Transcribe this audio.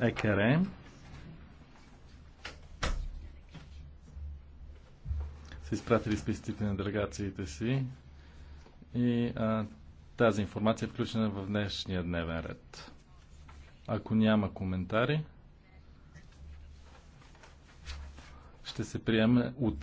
ЕКР. са изпратили списъците на делегациите си и а, тази информация е включена в днешния дневен ред. Ако няма коментари, ще се приеме от